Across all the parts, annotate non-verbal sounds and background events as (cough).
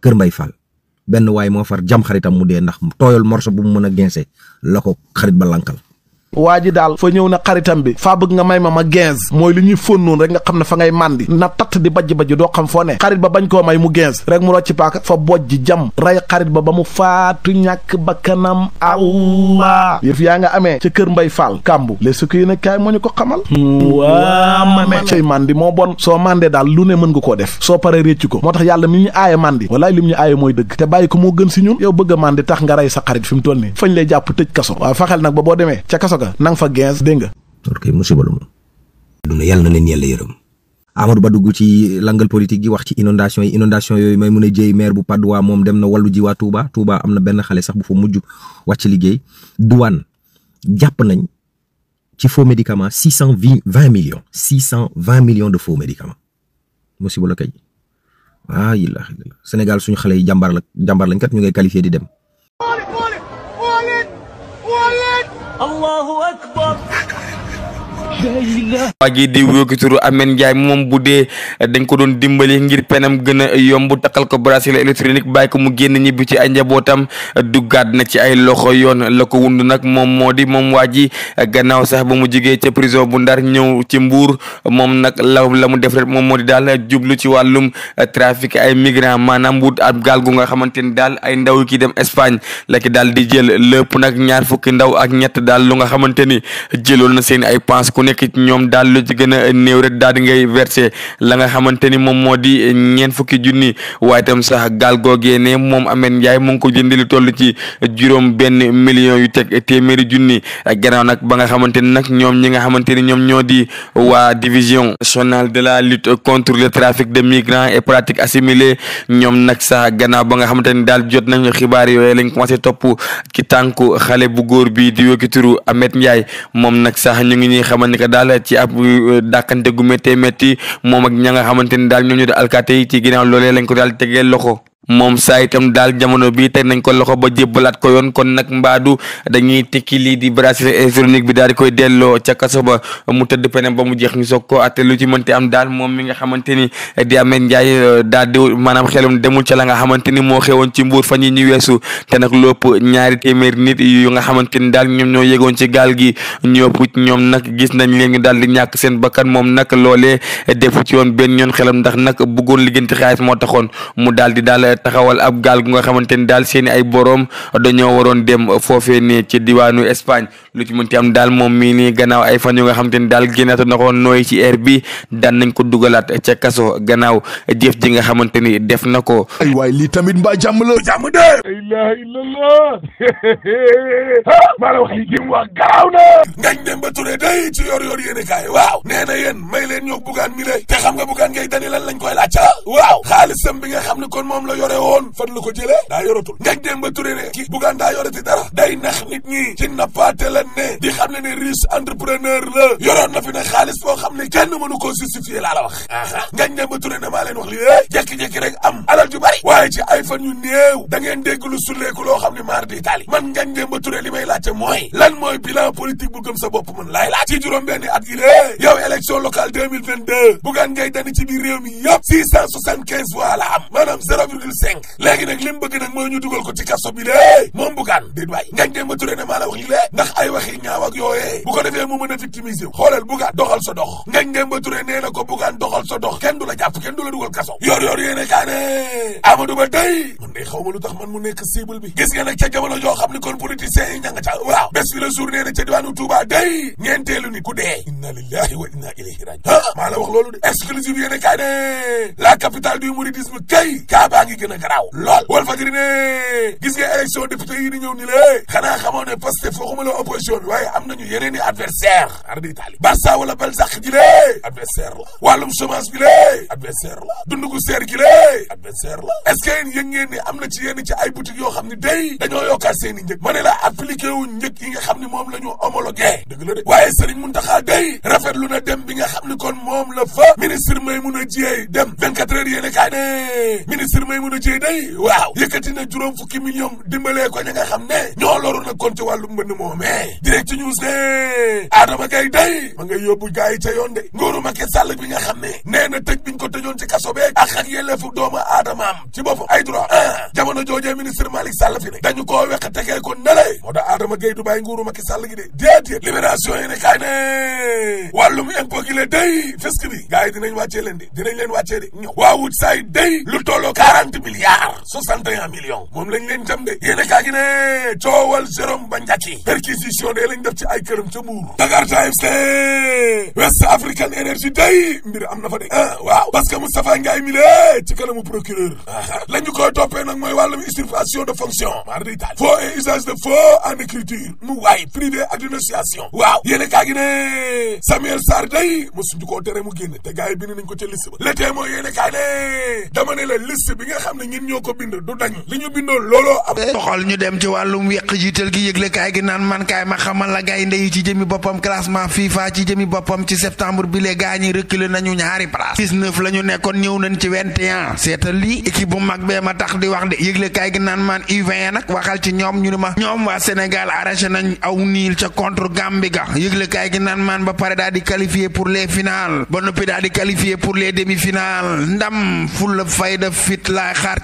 Kër Mbay Fall benn waay moo far jam xaritam mu dee ndax tooyal morso bu mën a gense la ko xarit ba lankal waa ji daal fa ñëw na xaritam bi faa bëgg nga may ma ma quinze mooy li ñuy fónnoon rek nga xam ne fa ngay màndi na tatt di bajj-bajj doo xam foo ne xarit ba bañ koo may mu quinze rek mu rocci paaka fa bojj jam rey xarit ba ba mu faatu ñàkk bakkanam allah yëf yaa nga amee ca kër mbay faal kàmbu les su ko yéen kaay moo ñu ko xamal mu waa mame cay màndi moo bon soo màndee daal lu ne mën nga koo def soo paree réccu ko moo tax yàlla mi ñu aaye màndi walaay lim ñu mooy dëgg te bàyyi ko moo gën si ñun yow bëgg a tax nga rey sa xarit fi mu toll nii fañ lay jàpp tëj kaso waaw faxel boo demee kaso ga na nga fa gees dégg nga. loolu kay musiba lu moom. duna yàlla na leen yàlla yërëm. Amadou Ba dugg ci langal politique gi wax ci inondation yi inondation yooyu may mun a jéy maire bu Patte d'Oie moom dem na wàllu ji waa Touba am na benn xale sax bu fa mujj wàcc liggéey douane jàpp nañ ci faux médicament six cent vingt millions six cent vingt millions de faux médicaments musiba la kay. waaw Sénégal suñu xale yi jàmbaar la jàmbaar lañ kat ñu ngay qualifié di dem. الله أكبر waa ji di wékki turu Ameth Ndiaye moom bu dee dañ ko doon dimbali ngir penam gën a yomb takkal ko bracelet électronique bàyyi ko mu génn ñibbi ci ay njabootam duggaat na ci ay loxo yoon la ko wund nag moom moo di moom waa ji gannaaw sax ba mu jigee ci prison bu ndar ñëw ci mbuur moom nag la la mu def moom moo di daal jublu ci wàllum trafic ay migrants maanaam mbuut ab gaal gu nga xamante ni daal ay ndaw ki dem Espagne la daal di jël lépp nag ñaar fukki ndaw ak ñett daal lu nga xamante ni jëloon na seen ay passe nekk ci ñoom daal lu ci gën rek daal di ngay versé la nga xamante ni moom moo di ñeent fukki junni waaye itam sax gaal googee ne moom Ameth Ndiaye mu ngi ko jëndi lu ci juróom benn million yu teg téeméeri junni gannaaw nag ba nga xamante ni nag ñoom ñi nga xamante ni ñoom ñoo di waa division nationale de la lutte contre le trafic de migrants et pratiques assimilées ñoom nag sax gannaaw ba nga xamante ni daal jot nañu xibaar yooyu lañ commencé topp ci tànku xale bu góor bi di wékki turu Ameth Ndiaye moom sax ñu ngi ñuy ni que daal ci ab euh, dàkkante gu méttee métti moom ak ña nga xamante ni daal ñoom ñu di alkaate yi ci ginnaaw loolee ko daal tegee loxo moom saa itam daal jamono bi teg nañ ko loxo ba jébbalaat ko yoon kon nag mbaadu dañuy tikki lii di bracelet électronique bi daal di koy delloo ca kaso ba mu tëdd penam ba mu jeex ñu soog ko atte lu ci mënti am daal moom mi nga xamante ni di amee njaay euh, daal di maanaam xelum demul ca la nga xamante ni moo xewoon ci mbuur fa ñi ñu weesu te nag lépp ñaari téeméer nit yu nga xamante ni daal ñoom ñoo yegoon ci gaal gi ñëpp ñoom nag gis nañ leen ñu daal di ñàkk seen bakkan moom nag loolee defu ci woon benn yoon xelam ndax nag bëggoon liggéenti xaalis moo taxoon mu daal taxawal ab gaal gu nga xamante ni daal seen ay boroom dañoo waroon dem foofee ne ci diwaanu Espagne lu ci am daal moom mii nii gannaaw ay fan yu nga xamante ni daal génnaat na ko nooy ci air bi daan nañ ko dugalaat ca kaso gannaaw jëf ji nga xamante ni def na ko. ay waay li tamit mbaa jàmm la jàmm de. ilaha illallah (laughs) ah, maa la wax li jëm wax garaaw na. ngañ dem ba Touré day ci yor yor yéene kaay waaw nee na yéen may leen ñoo bugaan mi lay te xam nga bugaan ngay dani lañ koy laaj ah? waaw xaalisam bi xam ne kon moom yore woon fan la ko jëlee daa yoratul ngañ dem ba turé ne ki bugaan daa yoreti dara day nax nit ñi ci nappaate la ne di xam ne ne entrepreneur la yoroon na fi ne xaalis boo xam ne kenn mënu koo justifier laa la wax aha ngañ dem ba turé ne maa leen wax li é jekki-jekki rek am alal ju bari waaye ci ay yu néew da ngeen dégg lu sulleeku loo xam ne maar di tali man ngañ dem ba turé li may laajte mooy lan mooy bilan politique bu sa bopp mën laay laaj ci juróom benni at yi cinq léegi nag li mu bëgg nag dugal ko ci kaso bi lée moom bugaan déet waay ngañ dee ma ne maa la wax ndax ay waxi ñaaw ak yooyee bu ko defee mu mën a victimiser xoolal bugaan doxal sa dox ngañ dee ma turé nee ko bugaan doxal sa dox kenn du la jàpp kenn dugal kaso yor yor yéene kaane Amadou Ba day man day xaw ma lu tax man mu nekk cible bi gis nga nag ca jamono joo xam kon politiciens yi ña ca waaw bés fi la jour nee na gën a garaaw lool Walf Fadjri ne gis nga élection député yi di ni lée xanaa xamoo ne Pastef waxuma la opposition bi waaye am nañu yeneen i adversaire ar wala Balzac ji adversaire la wàllum chômage bi adversaire la dund gu seer ni am na ci yenn ay boutique yoo xam ne day dañoo yokkaat seen i njëg ma ne la appliqué wu njëg yi nga xam ne la ñu homologué dëgg la Mountakha day rafetlu na dem bi nga xam ne kon la fa ministre Maymouna Dièye dem 24 heures fukki million dimbalee ko ñi nga xam ne ñoo loru nag kon ci wàllu mbënd moomee direct news ne Adama Gaye day ma nga yóbbu gars yi ca yoon de nguuru Macky Sall bi nga xam ne nee na tëj biñ ko tëjoon ci kaso beeg ak ak yelleefu doomu aadama am ci boppam ay droit ah jamono joojee ministre Malick Sall fi ne dañu koo weq tegee ko nale moo tax Adama Gaye du bàyyi nguuru Macky Sall gi de déedéet libération yi ne kaay ne wàllum impôt gi la day fisc bi gars yi dinañ wàccee leen di dinañ leen wàccee di ñëw waawut saay day lu tolloo 40 milliards nañ leen jam de yéen a kaa gi ne coowal Jérôme ba njàkki perquisition de lañ def ci ay këram ca Mbuur Dakar Times West African Energy day mbir am na fa de ah waaw parce que Moustapha Ngaye mi le ci kanamu procureur ah, ah. la ñu koy toppee nag mooy wàllum usurpation de fonction mar day taal faux et usage de faux en mu waay privé ak dénonciation waaw yéen a ne Samuel Sarr day mosuñu koo tere mu génn te gars yi bind ko ca liste ba le témoin yéen a ne dama bi nga xam ne ñun ñoo looloo am doxal eh, ñu dem ci wàllum weq jiital gi yëgle kaay gi naan man kaay ma xamal la gaynde yi ci jëmi boppam classement FIFA ci jëmi boppam ci septembre bi le gaa ñi nañu ñaari place 19 la ñu nekkoon ñëw nañ ci 21 seetal lii équipe bu mag bee ma tax di wax de yëgle gi naan man U20 nag waxal ci ñoom ñu ne ma ñoom waa Sénégal arraché nañ aw niil ca contre Gambie ga yëgle kaay gi naan man ba pare daal di qualifié pour les finales ba noppi daal di qualifié pour les demi-finales ndam fulla fayda fit laay xaar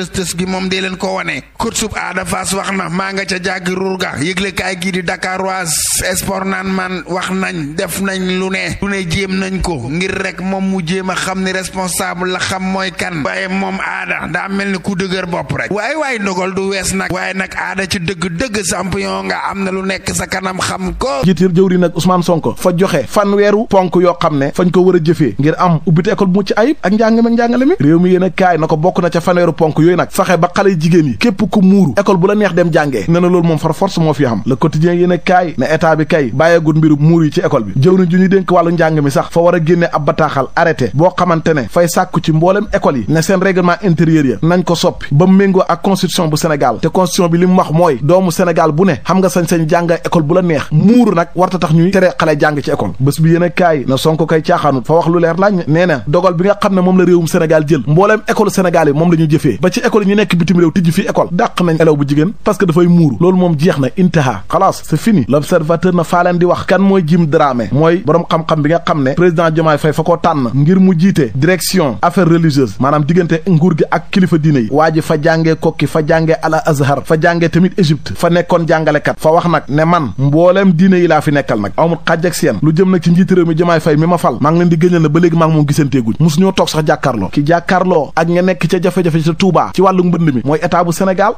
tës-tës gi moom dee leen ko wane kut sub aada fas wax na maa nga ca jàggi ruur ga yëglekaay gii di Dakaroise sport naan man wax nañ def nañ lu ne lu ne jéem nañ ko ngir rek moom mu jéem a xam ni responsable la xam mooy kan waaye moom aada daa mel ni ku dëgër bopp rek waaye waaye ndogal du wees nag waaye nag aada ci dëgg-dëgg champion nga am na lu nekk sa kanam xam ko jiitir jëwri nag Ousmane Sonko fa joxe fanweeru ponk yoo xam ne fañ ko war a jëfee ngir am ubbite école bu a kaay na ko bokk na ca fanweeru yooyu nag fexe ba xale jigéen yi képp ku muuru école bu la neex dem jàngee ne loolu moom far force moo fi am le quotidien yéen a kaay ne état bi kay bàyyeegul mbiru muur yi ci école bi jëw ju ñu dénk wàllu njàng mi sax fa war a génne ab bataaxal arrêté boo xamante ne fay sàkku ci mboolem école yi ne seen règlement intérieur ya nañ ko soppi ba méngoo ak constitution bu Sénégal te constitution bi li mu wax mooy doomu Sénégal bu ne xam nga sañ-sañ jàng école bu la neex muuru nag warta tax ñuy tere xale jàng ci école bés bi a na Sonko kay caaxaanut fa wax lu leer lañ nee na dogal bi nga xam ne moom la réewum Sénégal jël mbooleem école Sénégal moom la ñu jëfee ci école yi ñu nekk bitim réew tijj fii école dàq nañ élève bu jigéen parce que dafay muuru loolu moom jeex na intaha xalaas c'est fini l'observateur na faa leen di wax kan mooy Jim Dramé mooy boroom xam-xam bi nga xam ne président Diomaye Faye fa ko tànn ngir mu jiite direction affaires religieuses maanaam diggante nguur gi ak kilifa diine yi waa ji fa jàngee kokki fa jàngee al azhar fa jàngee tamit Égypte fa nekkoon jàngalekat fa wax nag ne man mbooleem diine yi laa fi nekkal nag amul xàjj ak seen lu jëm nag ne ba léegi maa ngi moom gisanteeguñ mosu ñoo toog sax jàkkaarloo nga nekk ca jafe-jafe ca Touba ci wàllu mbënd mi mooy état bu Sénégal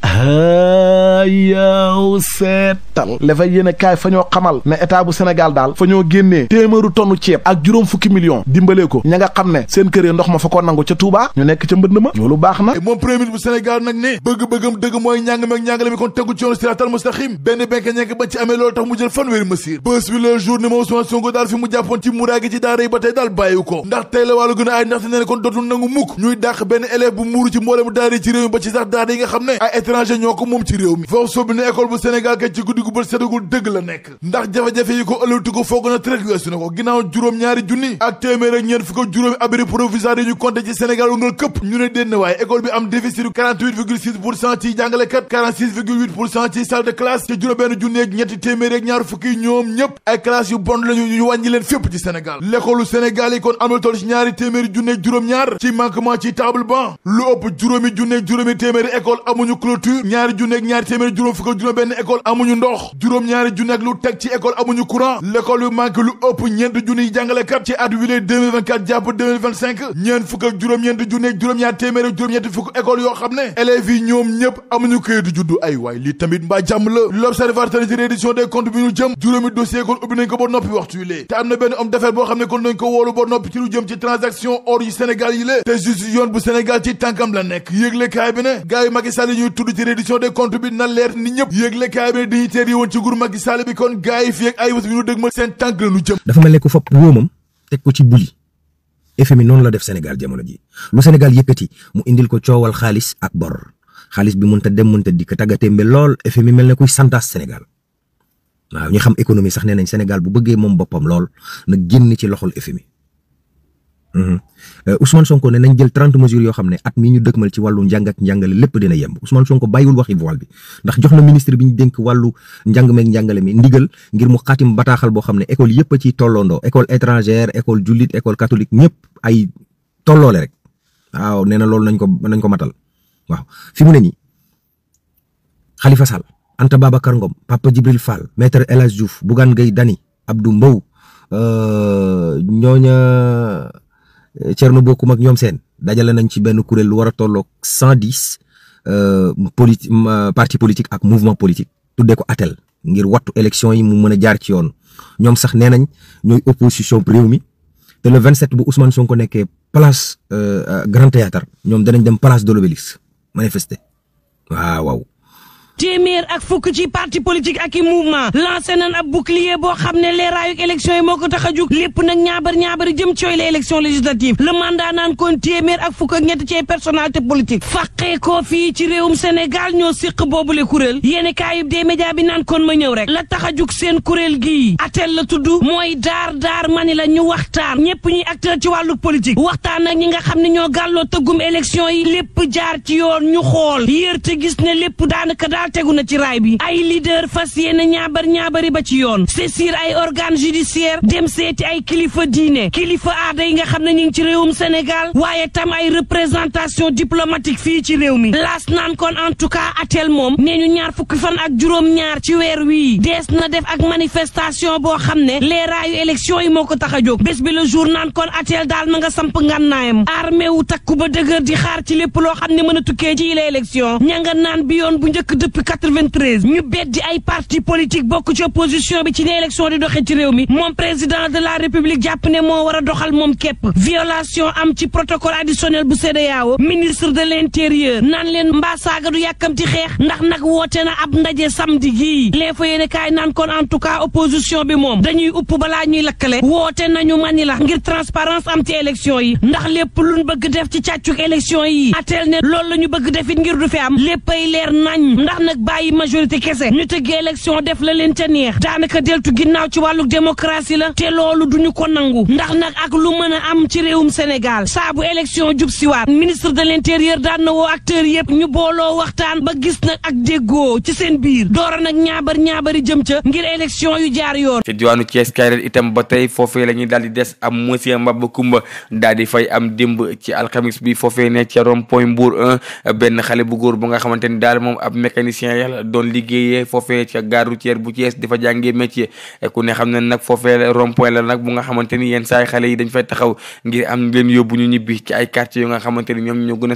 yaw seetal dafa yéen a kaay fa ñoo xamal ne état bu Sénégal daal fa ñoo génnee téeméeru tonnu ceeb ak juróom fukki millions dimbalee ko ña nga xam ne seen kër yi ndox ma fa ko nangu ca Touba ñu nekk ca mbënd ma loolu baax na moom premier ministre bu Sénégal nag ne bëgg-bëggam dëgg mooy ñàng meeg ñàngale mi kon tegu ci yoonu siraatal mustaqim benn benk ñenk ba ci amee loolu tax mu jël fanweeri mesure bés bi le jour ni ma Ousmane Sonko daal fi mu jàppoon na kon daara ci réew mi ba ci sax daara yi nga jàngalekat ci salle de te juróom-benn junni ñetti téeméer ñaar fukki ñoom ñëpp ay classe yu bon lañu ñu wàññi leen fépp ci Sénégal l'école Sénégal yi kon am na toll ci ñaari téeméeri junni juróom-ñaar ci manquement ci table ban lu ëpp juróomi junneeg juróomi téeméeri école amuñu clôture ñaari juróom fukk ak benn école amuñu ndox juróom ñaari junneeg lu teg ci école amuñu courant l'école yu manqué lu ëpp ñeent junniy jàngalekat ci at wile jàpp ñeent fukk juróom-ñeent juróom-ñaar téeméeri juróom-ñetti fukk école yoo xam ne élèves yi ñoom ñëpp amuñu këyitu juddu ay waay lii tamit mbaa jàmm la l'observateur ci reddition des comptes bi ñu jëm juróomi dossier kon ubbi nañ ko boo noppi ci yëglekaay bi yi ñuy tudd ci reddition des comptes bi na leer ni ñëpp yëglekaay bi ne dignitaires yi woon ci nguur Macky Sall bi kon gars yi fii ak ay bés bi ñu dëgg ma seen tànk la lu jëm dafa mel ne ku fopp wóomam teg ko ci buli FMI noonu la def senegal jamono ji lu Sénégal yëkkati mu indil ko coowal xaalis ak bor xaalis bi mënta dem mënta dikk tàggatémbe lool FMI mel ne kuy santaas Sénégal waaw ñu xam économie sax nee nañ Sénégal bu bëggee moom boppam lool na génn ci loxol FMI Mhm. Euh, Ousmane Sonko ne nañ jël trente mesures yoo xam ne at mi ñu dëkkmal ci wàllu njàng ak njàngale lépp dina yemb Ousmane Sonko bàyyiwul waxi voile bi ndax jox na ministre bi ñu dénk wàllu njàng meeg njàngale mi ndigal ngir mu xaatim bataaxal boo xam ne école yëpp a ciy tolloondoo école étrangère école jullit école catholique ñëpp ay tolloole rek waaw nee na loolu nañ ko nañ ko matal waaw fi mu ne nii Khalifa Sall Anta Babacar Ngom Papa Djibril Fall Maître El Hadj Diouf Bougane Gueye Dany Abdou euh, Thierno Bocoum ak ñoom seen dajale nañ ci benn kuréel lu war a tolloog cent dix euh, politi euh, parti politique ak mouvement politique tuddee ko atel ngir wattu élection yi mu mën a jaar ci yoon ñoom sax nee nañ ñooy opposition réew mi te le 27 bu Ousmane ko nekkee place euh, Grand Théâtre ñoom danañ dem place de l'Obélisque manifester waaw waaw téeméer ak fukk ci parti politique ak i mouvement lancé nañ ab bouclier boo xam ne leeraayuk élection yi moo ko tax a jug lépp nag ñaabar ñaabari jëm ci yooyu la élection législative le mandat naan kon téeméer ak fukk ak ñett ci ay personnalité politique fàqee koo fii ci réewum Sénégal ñoo séq boobule kuréel yéeni kaayub dee média bi naan kon ma ñëw rek la tax a jug seen kuréel gii atel la tudd mooy daar daar mani la ñu waxtaan ñëpp ñuy acteur ci wàllu politique ñi nga xam ne ñoo gàlloo tëggum élection yi lépp jaar ci yoon ñu xool yéerte gis tegu na ci raay bi ay leader fas yéene ñaabar ñaabari ba ci yoon saisir ay organe judiciaire dem seeti ay kilifa diine kilifa aada yi nga xam ne ñu ngi ci réewum Sénégal waaye tam ay représentation diplomatique fii ci réew mi laas naan kon en tout cas atel moom nee ñu ñaar fukki fan ak juróom-ñaar ci weer wii dees na def ak manifestation boo xam ne leeraayu élection yi moo ko tax a jóg bés bi la jour naan kon atel daal ma nga samp ngànnaayam armée wu takku ba dëgër di xaar ci lépp loo xam ne mën a tukkee ci la élection yoon bu njëkk dëpp depuis 93 ñu beddi ay parti politique bokk ci opposition bi ci ne élection di doxee ci réew mi moom président de la république jàpp ne moo war a doxal moom képp violation am ci protocole additionnel bu CEDEAO ministre de l'intérieur naan leen mbaa saaga du yàkkamti xeex ndax nag woote na ab ndaje samedi gii l'info yéene kaay naan kon en tout cas opposition bi moom dañuy upp balaa ñuy lakkale woote nañu mani la ngir transparence am ci élection yi ndax lépp luñ bëgg def ci càccuk élection yi ateel loolu la ñu bëgg defit ngir du fi am nag bàyyi majorité kese ñu tëgg élection def la leen ca neex daanaka deltu ginnaaw ci wàllu démocratie la te loolu duñu ko nangu ndax nag ak lu mën am ci réewum Sénégal saa bu élection ministre de l'intérieur daan na woo acteurs yëpp ñu booloo waxtaan ba gis nag ak déggoo ci seen biir doora nag ñaabar ñaabari jëm ca ngir élection yu jaar yoon. ci diwaanu Thiès Kayreen itam ba tey foofee la daal di des am monsieur ba Kumba dal di fay am démb ci alxamis bi foofee technicien ya doon liggéeyee foofee ca gare routière bu Thiès di fa jàngee métier ku ni yenn saay xale yi dañ fay taxaw ngir am leen yóbbu ñu ñibbi ci ay a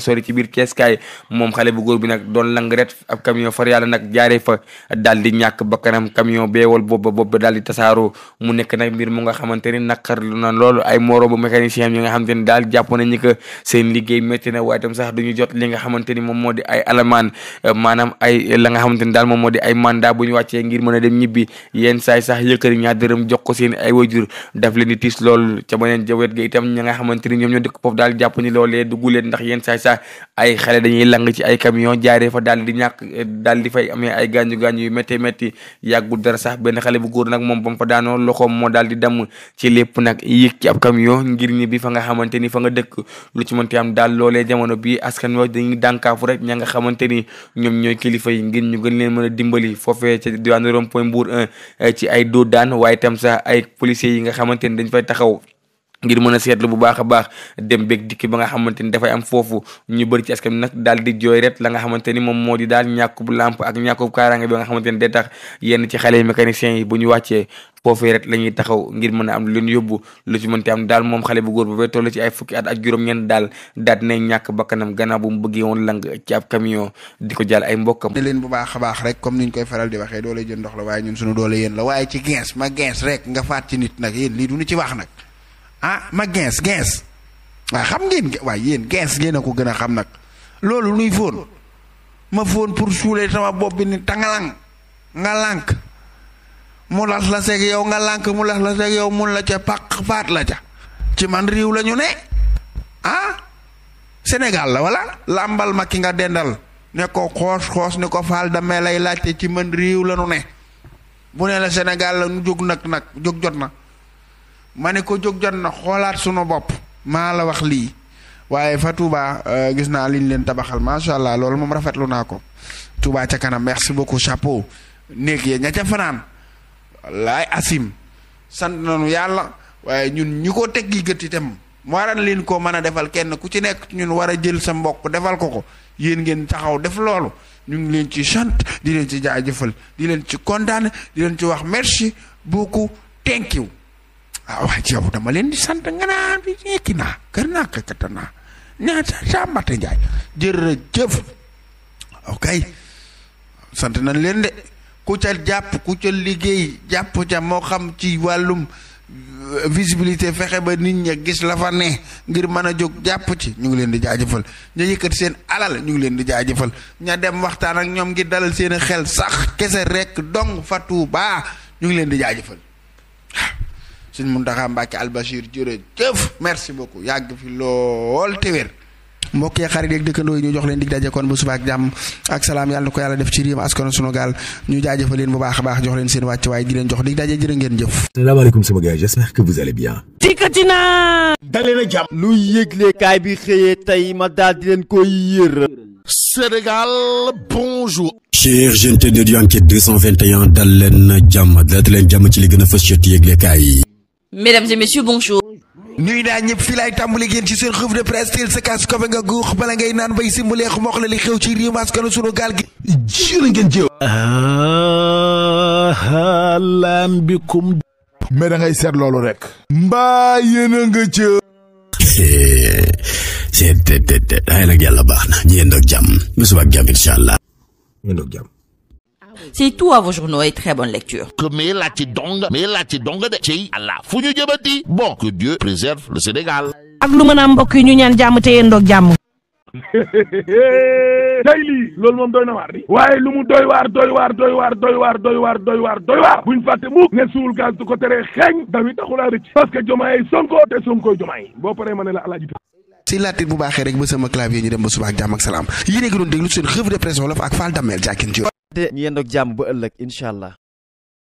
sori ci biir Thiès kaay moom xale bu góor bi nag doon lang ret ab camion far nag jaaree fa daal di ñàkk bakkanam camion beewal booba booba daal di tasaaroo mu nekk nag mbir mu nga xamante ni naqarlu na loolu ay moroomu mécanicien yi nga xamante ni daal jàpp nañu que seen liggéey na waaye tam sax duñu jot li nga ni moom moo di ay alamaan maanaam ay la nga ni daal moom moo di ay mandat bu ñu wàccee ngir mën a dem ñibbi yenn saay sax yëkkëri ñaar dërëm jox ko seen ay wajur daf leen di tiis lool ca beneen ga itam ña nga xamante ni ni loolee dugg leen ndax yenn saay sax ay xale dañuy lang ci ay bi askan wa dañuy dànkaafu rek ña nga ñoom ñooy kilifa yi ngir ñu gën leen mën a dimbali foofee ca diwaanu rond point Mbour 1 eh, ci ay doo daan waaye tam sax ay policiers yi nga xamante ni dañ fay taxaw ngir mën a seetlu bu baax a baax dem beeg dikki ba nga xamante dafay am foofu ñu bëri ci askan nag daal di jooy ret la nga xamante ni moom moo di daal ñàkkub lamp ak ñàkkub kaaraange bi nga day tax yenn ci xale mécaniciens yi bu ñu wàccee foofee ret la ñuy taxaw a am lu leen yóbbu lu ci mënti am moom xale bu góor bu bay toll ci ay fukki at ak juróom-ñeent daal mu bëggee woon lang ci ab camion di ko jàll ay mbokkam a baax rek comme niñ koy faral di waxee doole jën ndox la waaye ñun suñu doole yéen la waaye ci gens ma gens rek nga faat ci nit nag yéen lii duñu ci wax nag ah ma gens gens waaw ah, xam ngeen waaye yéen gens ngeen a ko gën a xam nag loolu nuy fóon ma fóon pour suulee sama bopp bi ni tangalang nga lànk mu las la seeg yow nga lànk mu las la seeg yow mun la ca pàq faat la ca ci man réew la ñu ne ah Sénégal la wala làmbal ma ki nga dendal ne ko xoos xoos ni ko faal damee lay laajte ci man réew la ne bu ne la Sénégal la nu jóg nag nag jóg jot na ma ne ko jóg jot na xoolaat suñu bopp maa la wax lii waaye fa Touba euh, gis naa liñ leen tabaxal macha allah loolu moom rafetlu naa ko Touba ca kanam merci beaucoup chapeau néeg ya ña ca fanaan laay asim sant nañu yàlla waaye ñun ñi ko teggi gët itam waran leen ko mën a defal kenn ku ci nekk ñun war a jël sa mbokk defal ko ko yéen ngeen taxaw def loolu ñu ngi leen ci sant di leen ci jaajëfal di leen ci kontaan di leen ci wax merci beaucoup thank you ah wax yow dama leen di sant nga naan bi nekki naa kër naa kakata naa nee sa Mate Ndiaye jërëjëf ok sant nañ leen de ku ca jàpp ku ca liggéey jàpp ca moo xam ci wàllum euh, visibilité fexe ba nit ña gis la fa ne ngir mën a jóg jàpp ci ñu ngi leen di jaajëfal ña yëkkat seen alal ñu ngi leen di jaajëfal ña dem waxtaan ak ñoom ngi dalal seeni xel sax kese rek dong fa Tuuba ñu ngi leen di jaajëfal sëñ Muntaxa Mbàkke Albachir jërëjëf merci beaucoup yàgg fi lool te wér mbokk yi xarit yeeg dëkkandoo yi ñu jox leen dig daje kon bu suba ak jàmm ak salaam yàlla na ko yàlla def ci réew askanu sunu gaal ñu jaajëfal leen bu baax a baax jox leen seen wàcc waaye di leen jox dig daje jërë ngeen jëf. salaamaaleykum sama gars j'espère que vous allez bien. dikkati naa. daleen jàmm. lu yëgle kaay bi xëyee tey ma daal di leen koy yër. Sénégal bonjour. cher gente de Enquête 221 dal leen jàmm dal leen jàmm ci li gën a fës ci yëgle kaay yi. Mesdames et messieurs, bonjour. ñuy naa ñëpp fii laay tàmbali génn ci seen xëf de presse teel sa kaas kofe nga guux bala ngay naan bay simbulee xumoox la li xew ci réew maskanu sunu gaal gi jërë ngeen jëw alaan bikum mais ngay seet loolu rek mbaa yéen a nga ca seen te te te ay nag yàlla baax na ñu yendoog jàmm bu subaak jàmm incha allah yendoog jàmm C'est tout à vos journaux et très bonne lecture. Que mais la ci dong mais la ci dong de ci Allah fu ñu jëbati bon que Dieu préserve le Sénégal. ak lu mën a mbokk yi ñu ñaan jàmm te yéen doog jàmm. (laughs) tey lii moom doy na waar di waaye lu mu doy waar doy waar doy waar doy waar doy waar doy waar doy waar buñ fàtte mukk ne suul gaz du ko teree xeeñ dawi taxulaa rëcc parce que jomaay sonko te sonkoy jomaay boo paree ma ne la alaaji si laatit bu baaxee rek a te ñu yendoog jàmm ba ëllëg incha allah